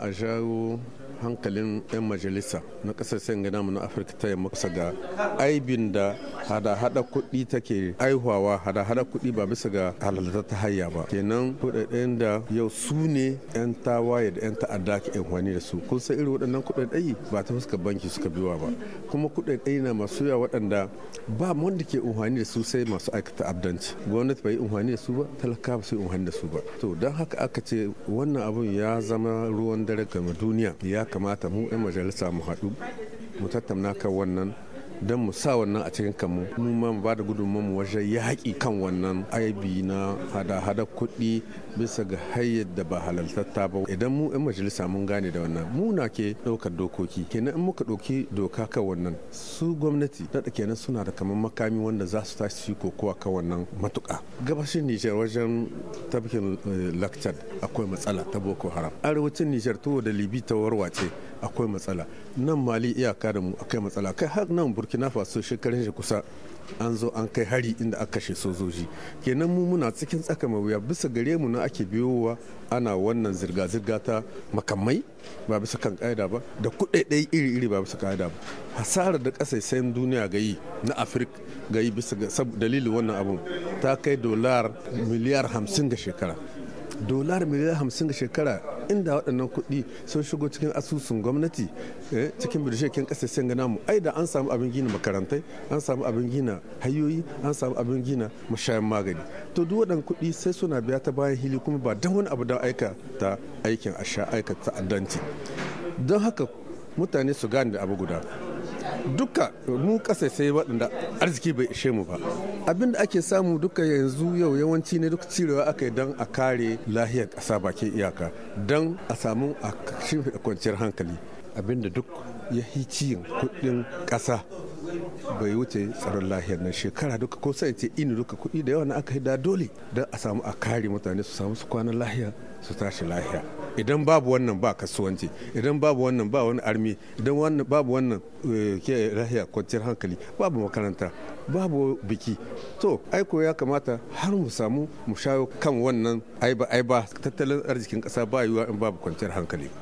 haja hankalin 'yan majalisa na kasashen gana mu na afirka ta yamma kusa ga aibin da hada-hada kuɗi take aihuwa hada-hada kuɗi ba bisa ga halalta ta hayya ba kenan kuɗaɗen da yau su ne 'yan tawaye da 'yan ta'adda ke amfani da su kun san irin waɗannan kuɗaɗai ba ta fuskar banki suka biwa ba kuma kuɗaɗe na masu yawa waɗanda ba wanda ke amfani da su sai masu aikata abdanci gwamnati bai amfani da su ba talaka ba sai amfani da su ba to don haka aka ce wannan abun ya zama ruwan dare game duniya ya kamata mu 'yan majalisa mu haɗu mu tattauna kan wannan don mu sa wannan a cikin kanmu mu ma mu bada gudunmu wajen yaƙi kan wannan aibi na hada-hada kuɗi bisa ga hayyar da ba halaltatta ba idan mu 'yan majalisa mun gane da wannan mu na ke ɗaukar dokoki kenan in muka ɗauki doka kan wannan su gwamnati da kenan suna da kamar makami wanda za su tashi su yi kokowa kan wannan matuƙa gabashin nijar wajen tafkin eh, lakcad akwai matsala ta boko haram arewacin nijar to da libi ta warwace akwai matsala nan mali iyaka da mu akwai matsala kai har nan burkina faso shekarun shi kusa an zo an kai hari inda aka kashe sojoji kenan mu muna cikin tsaka wuya bisa gare mu na ake biyowa ana wannan zirga-zirga ta makamai ba bisa kan ka'ida ba da kuɗaɗe iri-iri ba bisa ka'ida ba hasarar da ƙasashen duniya ga yi na afirka ga yi bisa dalilin wannan abun ta kai dolar miliyar hamsin ga shekara dolar miliyan hamsin da shekara inda waɗannan kuɗi sun shigo cikin asusun gwamnati eh, cikin birshekin sai gana mu ai da an samu abin gina makarantai an samu abin gina hayoyi an samu abin gina mashayan magani to duk waɗannan kuɗi sai suna biya ta bayan hili kuma ba don wani abu don aika ta aikin a aika ta'addanci don haka mutane su gane da abu guda duka mu kasa sai waɗanda arziki bai ishe mu ba abin da ake samu duka yanzu yau yawanci ne duk cirewa aka yi don a kare lahiyar ƙasa bakin iyaka don a samu a kwanciyar hankali abin da duk ya hi ciyin kuɗin ƙasa bai wuce tsaron lahiyar nan shekara duka ko sai ce ini duka kuɗi da yawa na aka da dole don a samu a kare mutane su samu su kwanan lahiya su tashi lahiya idan babu wannan ba kasuwanci idan babu wannan ba wani armi idan babu wannan eh, ke lahiya kwanciyar hankali babu makaranta babu biki to aiko ya kamata har mu samu mu shayo kan wannan aiba aiba tattalin arzikin ƙasa ba yiwuwa in babu kwanciyar hankali